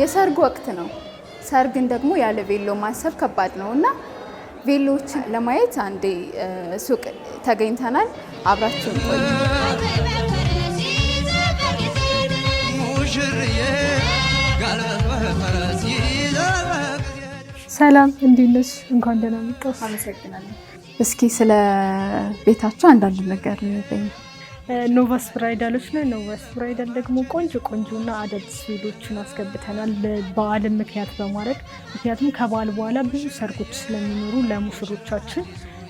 የሰርግ ወቅት ነው። ሰርግን ደግሞ ያለ ቬሎ ማሰብ ከባድ ነው እና ቬሎዎችን ለማየት አንዴ ሱቅ ተገኝተናል። አብራችሁን ቆዩ ሙሽርዬ ሰላም እንዴት ነሽ? እንኳን ደህና መጣሽ። አመሰግናለሁ። እስኪ ስለ ቤታችሁ አንዳንድ ነገር ንገኝ። ኖቫስ ብራይዳሎች ላይ ኖቫስ ብራይዳል ደግሞ ቆንጆ ቆንጆ እና አዳዲስ ቬሎችን አስገብተናል በዓልን ምክንያት በማድረግ ምክንያቱም ከበዓል በኋላ ብዙ ሰርጎች ስለሚኖሩ ለሙሽሮቻችን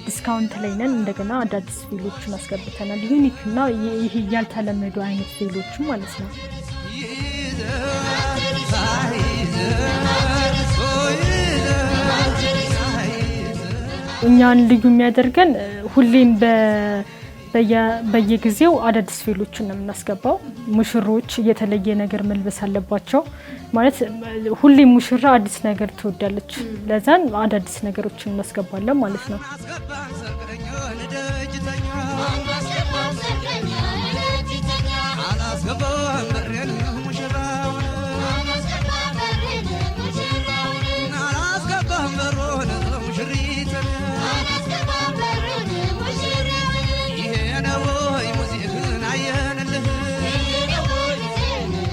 ዲስካውንት ላይ ነን። እንደገና አዳዲስ ቬሎችን አስገብተናል። ዩኒክ እና ይህ ያልተለመዱ አይነት ቬሎችን ማለት ነው። እኛን ልዩ የሚያደርገን ሁሌም በየጊዜው አዳዲስ ፌሎችን ነው የምናስገባው። ሙሽሮች የተለየ ነገር መልበስ አለባቸው ማለት ሁሌም ሙሽራ አዲስ ነገር ትወዳለች። ለዛን አዳዲስ ነገሮችን እናስገባለን ማለት ነው። አላስገባም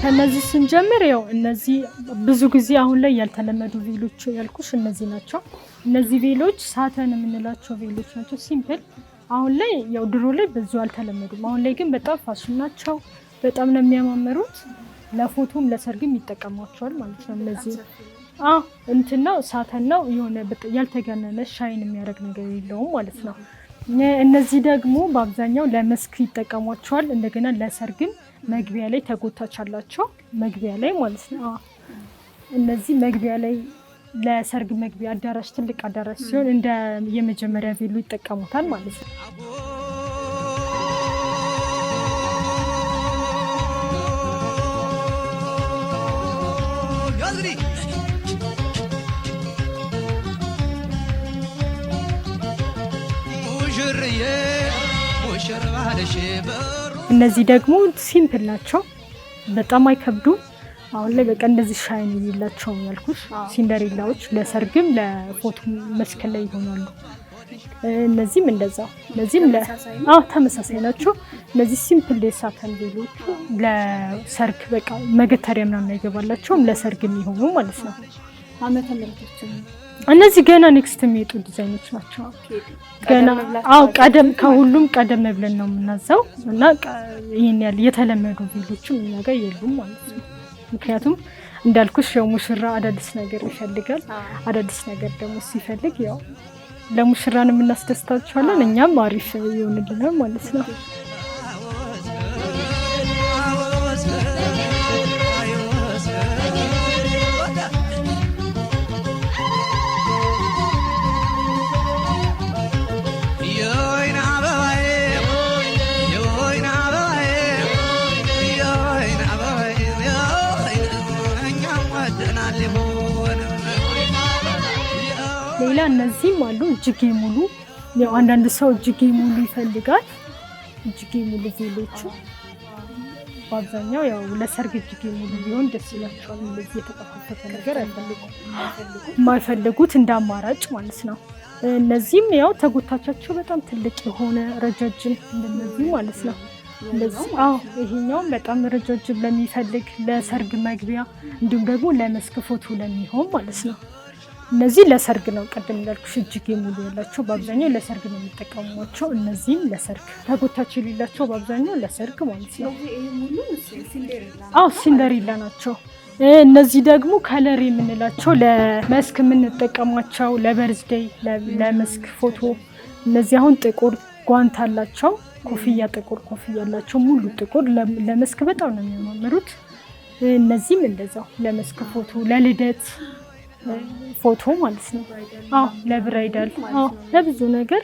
ከነዚህ ስንጀምር ያው እነዚህ ብዙ ጊዜ አሁን ላይ ያልተለመዱ ቬሎች ያልኩሽ እነዚህ ናቸው። እነዚህ ቬሎች ሳተን የምንላቸው ቬሎች ናቸው። ሲምፕል አሁን ላይ ያው ድሮ ላይ ብዙ አልተለመዱም። አሁን ላይ ግን በጣም ፋሽን ናቸው። በጣም ነው የሚያማምሩት። ለፎቶም ለሰርግም ይጠቀሟቸዋል ማለት ነው። እነዚህ እንትን ነው ሳተን ነው የሆነ ያልተገነነ ሻይን የሚያደርግ ነገር የለውም ማለት ነው። እነዚህ ደግሞ በአብዛኛው ለመስክ ይጠቀሟቸዋል። እንደገና ለሰርግም መግቢያ ላይ ተጎታች አላቸው። መግቢያ ላይ ማለት ነው። እነዚህ መግቢያ ላይ ለሰርግ መግቢያ አዳራሽ፣ ትልቅ አዳራሽ ሲሆን እንደ የመጀመሪያ ቬሎ ይጠቀሙታል ማለት ነው። ሙሽርዬ ሙሽር እነዚህ ደግሞ ሲምፕል ናቸው፣ በጣም አይከብዱም። አሁን ላይ በቃ እንደዚህ ሻይን የሌላቸው ያልኩሽ ሲንደሬላዎች ለሰርግም ለፎቶ መስክ ላይ ይሆናሉ። እነዚህም እንደዛው እነዚህም ተመሳሳይ ናቸው። እነዚህ ሲምፕል የሳተን ቤሎቹ ለሰርግ በቃ መገተሪያ ምናምን አይገባላቸውም፣ ለሰርግ የሚሆኑ ማለት ነው። አመተ እነዚህ ገና ኔክስት የሚወጡ ዲዛይኖች ናቸው። ገና አዎ፣ ቀደም ከሁሉም ቀደም ብለን ነው የምናዘው እና ይህን ያህል የተለመዱ ቪሎችም እኛ ጋር የሉም ማለት ነው። ምክንያቱም እንዳልኩሽ ያው ሙሽራ አዳዲስ ነገር ይፈልጋል። አዳዲስ ነገር ደግሞ ሲፈልግ ያው ለሙሽራን የምናስደስታችኋለን፣ እኛም አሪፍ ይሆንልናል ማለት ነው። እነዚህም አሉ። እጅጌ ሙሉ ያው አንዳንድ ሰው እጅጌ ሙሉ ይፈልጋል። እጅጌ ሙሉ ቬሎቹ በአብዛኛው ያው ለሰርግ እጅጌ ሙሉ ቢሆን ደስ ይላቸዋል። እንደዚህ የተጠፋፈተ ነገር አይፈልጉም። የማይፈልጉት እንደ አማራጭ ማለት ነው። እነዚህም ያው ተጎታቻቸው በጣም ትልቅ የሆነ ረጃጅም እንደነዚህ ማለት ነው። አዎ፣ ይሄኛውም በጣም ረጃጅም ለሚፈልግ ለሰርግ መግቢያ እንዲሁም ደግሞ ለመስክ ፎቶ ለሚሆን ማለት ነው። እነዚህ ለሰርግ ነው። ቅድም እንዳልኩሽ እጅጌ ሙሉ ያላቸው በአብዛኛው ለሰርግ ነው የሚጠቀሟቸው። እነዚህም ለሰርግ ተጎታች የሌላቸው በአብዛኛው ለሰርግ ማለት ነው። አዎ ሲንደሪላ ናቸው። እነዚህ ደግሞ ከለር የምንላቸው ለመስክ የምንጠቀሟቸው ለበርዝዴይ፣ ለመስክ ፎቶ። እነዚህ አሁን ጥቁር ጓንት አላቸው፣ ኮፍያ፣ ጥቁር ኮፍያ አላቸው። ሙሉ ጥቁር ለመስክ በጣም ነው የሚያማምሩት። እነዚህም እንደዛው ለመስክ ፎቶ፣ ለልደት ፎቶ ማለት ነው። አዎ ለብራይዳል፣ አዎ ለብዙ ነገር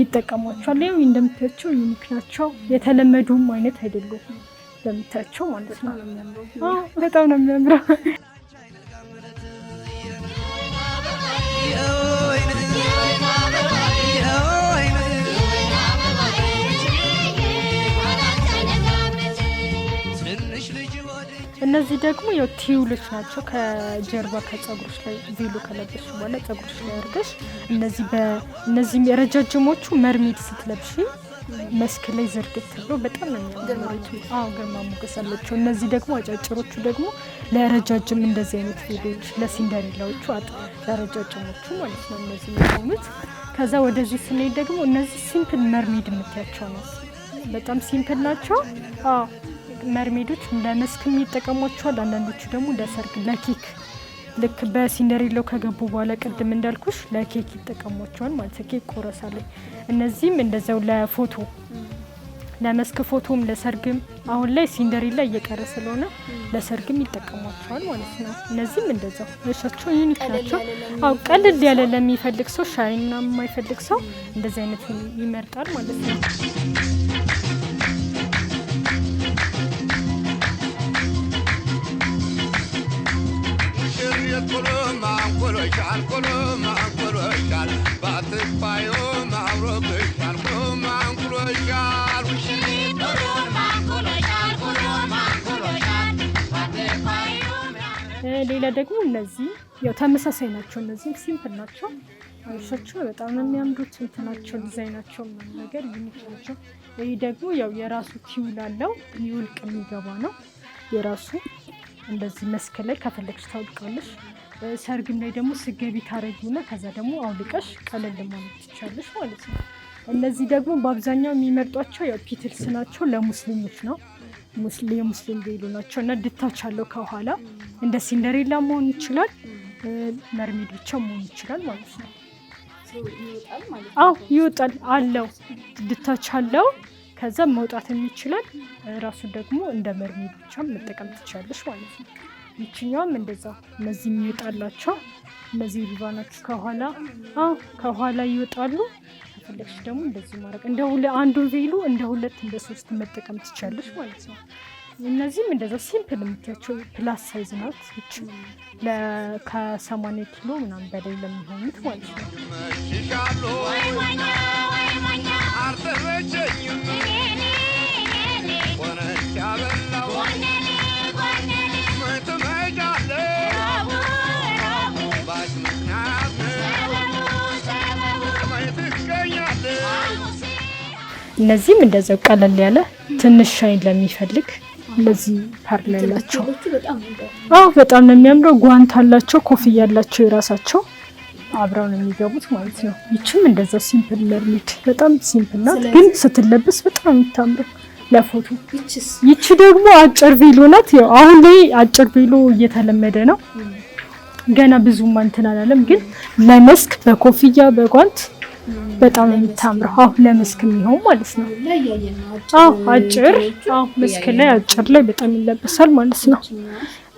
ይጠቀሟቸዋል። ያው እንደምታያቸው ዩኒክ ናቸው። የተለመዱም አይነት አይደሉም። እንደምታያቸው ማለት ነው። አዎ በጣም ነው የሚያምረው። እነዚህ ደግሞ ያው ቲውሎች ናቸው። ከጀርባ ከጸጉሮች ላይ ቬሎ ከለበስሽ በኋላ ጸጉሮች ላይ አድርገሽ እነዚህ በእነዚህ ረጃጅሞቹ መርሜድ ስትለብሽ መስክ ላይ ዝርግት ብሎ በጣም ነው ግርማ ሞገስ አላቸው። እነዚህ ደግሞ አጫጭሮቹ ደግሞ ለረጃጅም እንደዚህ አይነት ቬሎች ለሲንደሬላዎቹ ለረጃጅሞቹ ማለት ነው እነዚህ የሚሆኑት። ከዛ ወደዚህ ስንሄድ ደግሞ እነዚህ ሲምፕል መርሜድ የምትያቸው ነው። በጣም ሲምፕል ናቸው። መርሜዶች ለመስክ ይጠቀሟቸዋል። አንዳንዶቹ ደግሞ ለሰርግ ለኬክ ልክ በሲንደሬሎ ከገቡ በኋላ ቅድም እንዳልኩሽ ለኬክ ይጠቀሟቸዋል ማለት ኬክ ቆረሳለች። እነዚህም እንደዚያው ለፎቶ ለመስክ ፎቶም ለሰርግም አሁን ላይ ሲንደሬላ እየቀረ ስለሆነ ለሰርግም ይጠቀሟቸዋል ማለት ነው። እነዚህም እንደዛው እሻቸው ዩኒክ ናቸው። አዎ ቀልል ያለ ለሚፈልግ ሰው ሻይና የማይፈልግ ሰው እንደዚህ አይነት ይመርጣል ማለት ነው። ሌላ ደግሞ እነዚህ ያው ተመሳሳይ ናቸው። እነዚህ ሲምፕል ናቸው። አሪሶቹ በጣም የሚያምዱት እንትናቸው ዲዛይናቸው ምናምን ነገር ዩኒክ ናቸው። ይህ ደግሞ ያው የራሱ ቲውል አለው። ይውልቅ የሚገባ ነው የራሱ እንደዚህ መስክ ላይ ከፈለግሽ ታውልቃለሽ። ሰርግም ላይ ደግሞ ስገቢ ታረጊና ከዛ ደግሞ አውልቀሽ ቀለል ማለት ትቻለሽ ማለት ነው። እነዚህ ደግሞ በአብዛኛው የሚመርጧቸው ያው ፒትልስ ናቸው። ለሙስሊሞች ነው የሙስሊም ቤሎ ናቸው እና ድታች አለው ከኋላ እንደ ሲንደሬላ መሆን ይችላል። መርሜድ ብቻ መሆን ይችላል ማለት ነው። አዎ ይወጣል አለው ድታች አለው ከዛም መውጣትም ይችላል። ራሱ ደግሞ እንደ መርሜ ብቻ መጠቀም ትችላለች ማለት ነው። ይችኛውም እንደዛ እነዚህ የሚወጣላቸው እነዚህ ሪባኖች ከኋላ ከኋላ ይወጣሉ። ከፈለግሽ ደግሞ እንደዚህ ማድረግ እንደ አንዱን ቬሉ እንደ ሁለት እንደ ሶስት መጠቀም ትችላለች ማለት ነው። እነዚህም እንደዛ ሲምፕል የምትያቸው ፕላስ ሳይዝ ናት። ይች ከሰማንያ ኪሎ ምናምን በላይ ለሚሆኑት ማለት ነው። እነዚህም እንደዚያው ቀለል ያለ ትንሽ ሻይን ለሚፈልግ እነዚህ ፓርላ ያላቸው በጣም ነው የሚያምረው። ጓንት አላቸው፣ ኮፍያ አላቸው የራሳቸው አብረው ነው የሚገቡት ማለት ነው። ይችም እንደዛ ሲምፕል ለርሚድ በጣም ሲምፕል ናት፣ ግን ስትለብስ በጣም የምታምረው ለፎቶ። ይቺ ደግሞ አጭር ቬሎ ናት። ያው አሁን ላይ አጭር ቬሎ እየተለመደ ነው። ገና ብዙም እንትን አላለም፣ ግን ለመስክ በኮፍያ በጓንት በጣም የምታምረው አሁ ለመስክ የሚሆን ማለት ነው። አጭር መስክ ላይ አጭር ላይ በጣም ይለበሳል ማለት ነው።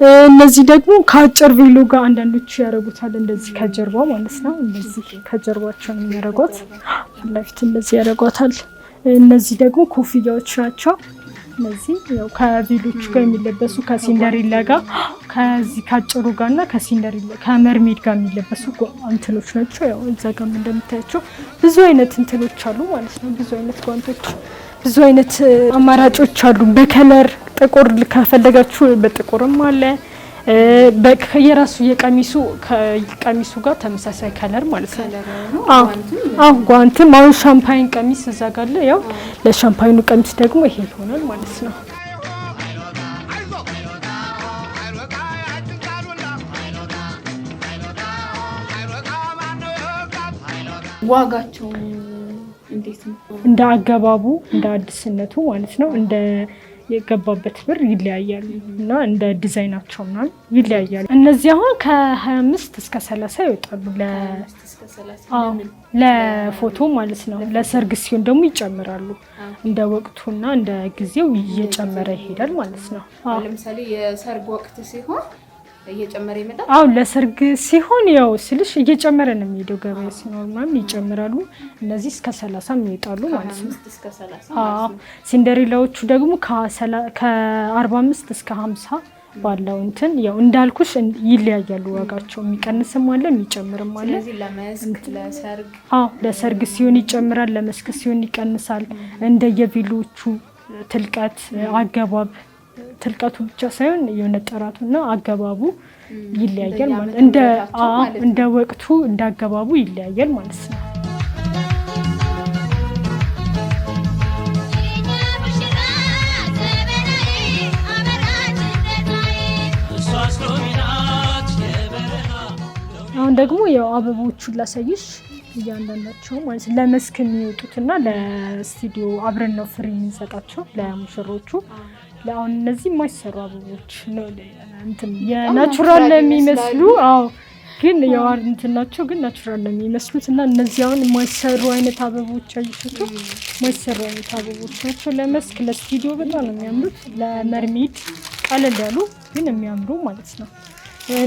እነዚህ ደግሞ ከአጭር ቬሎ ጋር አንዳንዶች ያደረጉታል እንደዚህ ከጀርባ ማለት ነው። እነዚህ ከጀርባቸው ነው ፊት ለፊት እንደዚህ ያደርጓታል። እነዚህ ደግሞ ኮፍያዎች ናቸው። እነዚህ ያው ከቬሎቹ ጋር የሚለበሱ ከሲንደሪላ ጋር ከዚህ ከአጭሩ ጋር እና ከሲንደሪላ ከመርሜድ ጋር የሚለበሱ እንትኖች ናቸው። ያው እዛ ጋም እንደምታያቸው ብዙ አይነት እንትኖች አሉ ማለት ነው። ብዙ አይነት ጓንቶች ብዙ አይነት አማራጮች አሉ። በከለር ጥቁር ከፈለጋችሁ በጥቁርም አለ። የራሱ የቀሚሱ ከቀሚሱ ጋር ተመሳሳይ ከለር ማለት ነው። አሁ ጓንትም አሁን ሻምፓይን ቀሚስ እዛ ጋለ ያው ለሻምፓይኑ ቀሚስ ደግሞ ይሄ ይሆናል ማለት ነው። ዋጋቸው እንደ አገባቡ እንደ አዲስነቱ ማለት ነው እንደ የገባበት ብር ይለያያሉ እና እንደ ዲዛይናቸው ምናምን ይለያያሉ። እነዚህ አሁን ከ25 እስከ 30 ይወጣሉ ለፎቶ ማለት ነው። ለሰርግ ሲሆን ደግሞ ይጨምራሉ። እንደ ወቅቱና እንደ ጊዜው እየጨመረ ይሄዳል ማለት ነው። ለምሳሌ የሰርግ ወቅት ሲሆን እየጨመረ ይመጣል። አሁን ለሰርግ ሲሆን ያው ስልሽ እየጨመረ ነው የሚሄደው። ገበያ ሲኖር ምናምን ይጨምራሉ። እነዚህ እስከ ሰላሳ ይወጣሉ ማለት ነው። ሲንደሪላዎቹ ደግሞ ከአርባ አምስት እስከ ሀምሳ ባለው እንትን ያው እንዳልኩሽ ይለያያሉ ዋጋቸው። የሚቀንስም አለ የሚጨምርም አለ። አዎ ለሰርግ ሲሆን ይጨምራል፣ ለመስክ ሲሆን ይቀንሳል። እንደየቬሎቹ ትልቀት አገባብ ትልቀቱ ብቻ ሳይሆን የሆነ ጥራቱና አገባቡ ይለያያል ማለት እንደ እንደ ወቅቱ እንደ አገባቡ ይለያያል ማለት ነው። አሁን ደግሞ ያው አበቦቹን ላሳይሽ እያንዳንዳቸው ማለት ለመስክ የሚወጡትና ለስቱዲዮ አብረን ነው ፍሬ የምንሰጣቸው ለሙሽሮቹ አሁን እነዚህ የማይሰሩ አበቦች ናቹራል ነው የሚመስሉ አዎ ግን የዋር እንትን ናቸው ግን ናቹራል ነው የሚመስሉት እና እነዚህ አሁን የማይሰሩ አይነት አበቦች አይሻቸው የማይሰሩ አይነት አበቦች ናቸው ለመስክ ለስቱዲዮ በጣም ነው የሚያምሩት ለመርሜድ ቀለል ያሉ ግን የሚያምሩ ማለት ነው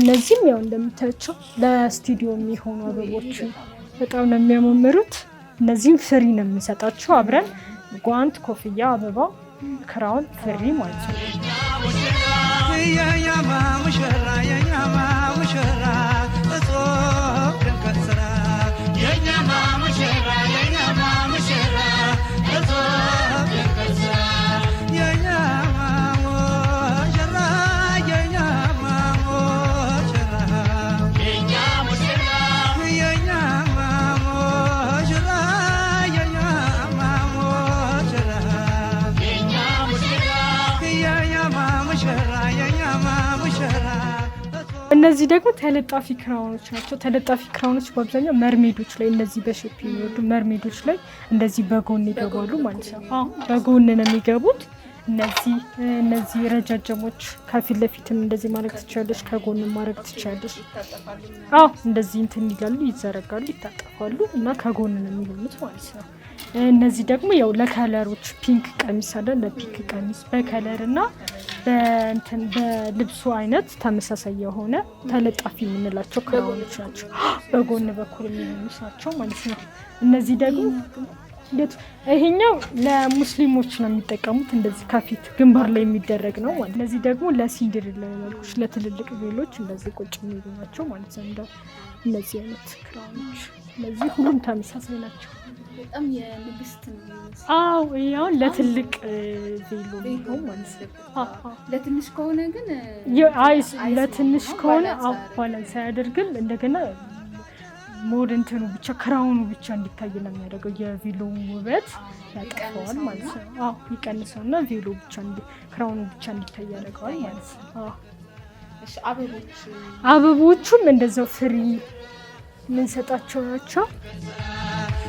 እነዚህም ያው እንደምታያቸው ለስቱዲዮ የሚሆኑ አበቦች በጣም ነው የሚያማምሩት እነዚህም ፍሪ ነው የሚሰጣቸው አብረን ጓንት ኮፍያ አበባ ክራውን ፍሪ ማለት ነው። እነዚህ ደግሞ ተለጣፊ ክራውኖች ናቸው። ተለጣፊ ክራውኖች በአብዛኛው መርሜዶች ላይ እነዚህ በሽፕ የሚወዱ መርሜዶች ላይ እንደዚህ በጎን ይገባሉ ማለት ነው። በጎን ነው የሚገቡት። እነዚህ እነዚህ ረጃጀሞች ከፊት ለፊትም እንደዚህ ማድረግ ትችላለች፣ ከጎን ማድረግ ትችላለች። አዎ እንደዚህ እንትን ይላሉ፣ ይዘረጋሉ፣ ይታጠፋሉ እና ከጎን ነው የሚሆኑት ማለት ነው። እነዚህ ደግሞ ያው ለከለሮች ፒንክ ቀሚስ አለ ለፒንክ ቀሚስ በከለር እና በልብሱ አይነት ተመሳሳይ የሆነ ተለጣፊ የምንላቸው ክራውኖች ናቸው። በጎን በኩል የሚሆኑት ናቸው ማለት ነው። እነዚህ ደግሞ ይሄኛው ለሙስሊሞች ነው የሚጠቀሙት። እንደዚህ ከፊት ግንባር ላይ የሚደረግ ነው። እነዚህ ደግሞ ለሲንድር ለመልኮች ለትልልቅ ቤሎች እንደዚህ ቁጭ የሚሉ ናቸው ማለት ነው። እነዚህ አይነት ክራውኖች፣ እነዚህ ሁሉም ተመሳሳይ ናቸው። በጣም የንግስት ነው። አዎ ያው ለትልቅ ቬሎ ለትንሽ ከሆነ ግን አይ ለትንሽ ከሆነ እንደገና ሞድ እንትኑ ብቻ ክራውኑ ብቻ እንዲታይ ነው የሚያደርገው። የቬሎ ውበት ያጠፋዋል ማለት ነው። አዎ ይቀንሰው እና ቬሎ ብቻ ክራውኑ ብቻ እንዲታይ ያደርገዋል ማለት ነው። አበቦቹም እንደዛው ፍሪ ምን ሰጣቸው ናቸው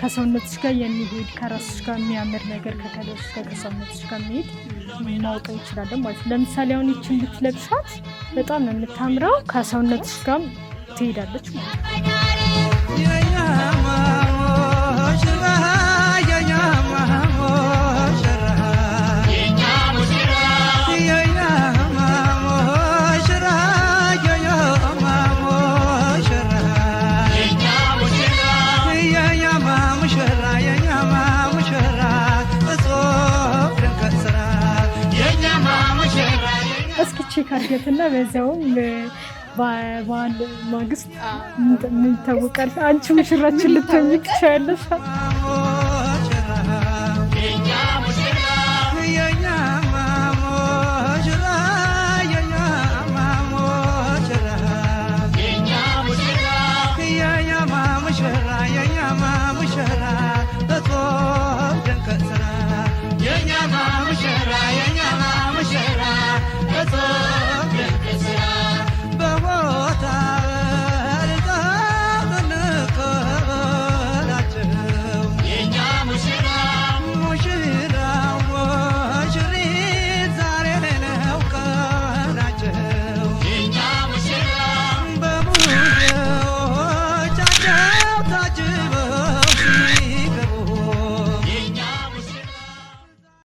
ከሰውነትሽ ጋር የሚሄድ ከራስሽ ጋር የሚያምር ነገር ከከለርሽ ጋር ከሰውነትሽ ጋር የሚሄድ ማውጣት ይችላለን ማለት ነው። ለምሳሌ አሁን ይችን ብትለብሳት በጣም ነው የምታምረው፣ ከሰውነትሽ ጋር ትሄዳለች ማለት ነው። እስኪ ቼክ አድርገትና በዚያውም በዓል ማግስት ምን ይታወቃል አንቺ ሙሽራችን ልትሆኚ ትችያለሽ።